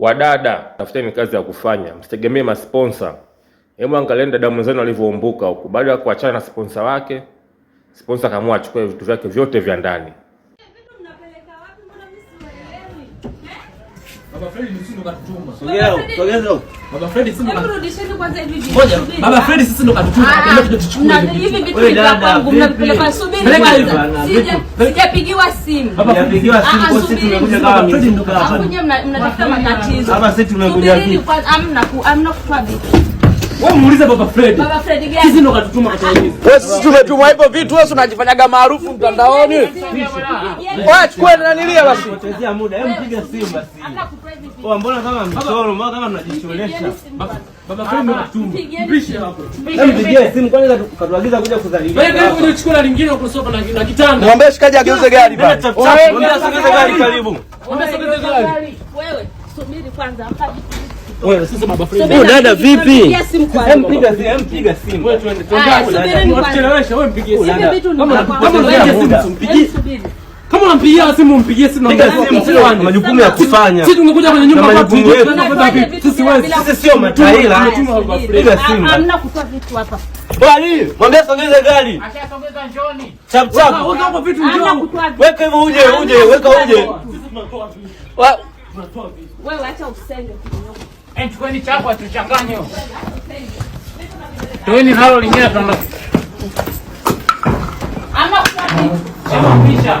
Wadada, tafuteni kazi ya kufanya, msitegemee masponsa. Hebu angalieni dada mwenzenu alivyoumbuka huko, baada ya kuachana na sponsa wake, sponsa kaamua achukue vitu vyake vyote vya ndani. Baba Fredi, sisi ndo katuchuma. Baba Fredi, sisi ndo katuchuma. Ah, hivi vitu. vya kwangu mnapeleka subiri. Sija sijapigiwa simu. Baba sijapigiwa ah, simu kwa sisi tumekuja kama mimi mnatafuta matatizo. Baba sisi tumekuja hivi. Wewe muulize Baba Fredi. Baba Fredi gani? Sisi ndo katuchuma kwa hivi. Wewe sisi tumetumwa hivyo vitu, wewe unajifanyaga maarufu mtandaoni na nilia basi. Potezea muda. Hebu piga simu basi. Oh, mbona kama mchoro, mbona kama tunajicholesha. Baba kwa nini mtumwa. Mpishe hapo. Hebu pigie simu kwani katuagiza kuja kuzalia. Wewe kuja na lingine uko sofa na kitanda. Mwambie shikaji ageuze gari basi. Mwambie asogeze gari karibu. Mwambie asogeze gari. Wewe subiri kwanza hapa. Wewe sasa baba friend. Wewe dada vipi? Mpiga simu, hem piga simu. Wewe twende twende. Unachelewesha, wewe mpigie simu. Kama kama simu mpigie. Kama unampigia simu mpigie simu na majukumu ya kufanya. Sisi tungekuja kwenye nyumba kwa tiji. Sisi wewe sisi sio mataila. Piga simu. Hamna kutoa vitu hapa. Bali, mwambie sogeze gari. Ashasogeza njoni. Chap chap. Weka hapo vitu njoo. Weka hivyo uje uje, weka uje. Sisi tunatoa vitu. Wewe acha usende kidogo. Eh, chukeni chapa tuchanganye. Toeni nalo lingine tunalo. Ama kwa vitu. Chama pisha.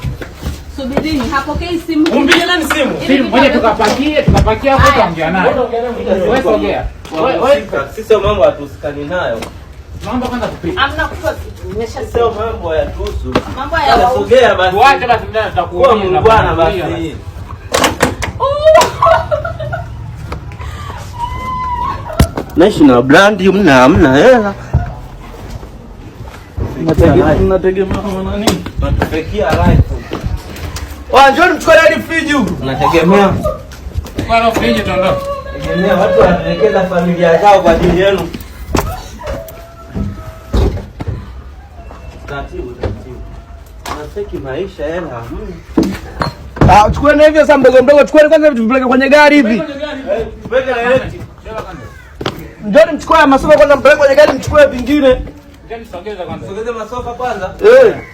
kazini, hapokei simu. nani simu? Simu, Tukapakie, tukapakie hapo, tuongea naye. Wewe ongea. sogea. Sisi mambo hatusikani nayo. Mambo kwanza kupita. Hamna kufa, nimeshasema mambo ya tusu. Mambo ya sogea basi. Tuache basi mimi nitakuwa Mungu bwana basi. Naishi brand brandi mna hamna hela. Mnategemea mwana nini? Tunatufikia life. Njoo mchukue hadi friji huko. Tunategemea. Kwa friji tondo. Tegemea watu wanawekeza familia zao kwa ajili yenu. maisha hela. Ah, chukua na hivyo sasa mdogo mdogo, chukua kwanza vitu vipeleke kwenye gari hivi. Vipeleke na yeti. Njoo mchukue masofa kwanza, mpeleke kwenye gari mchukue vingine. Njoo nisogeze kwanza. Sogeze masofa kwanza. Eh.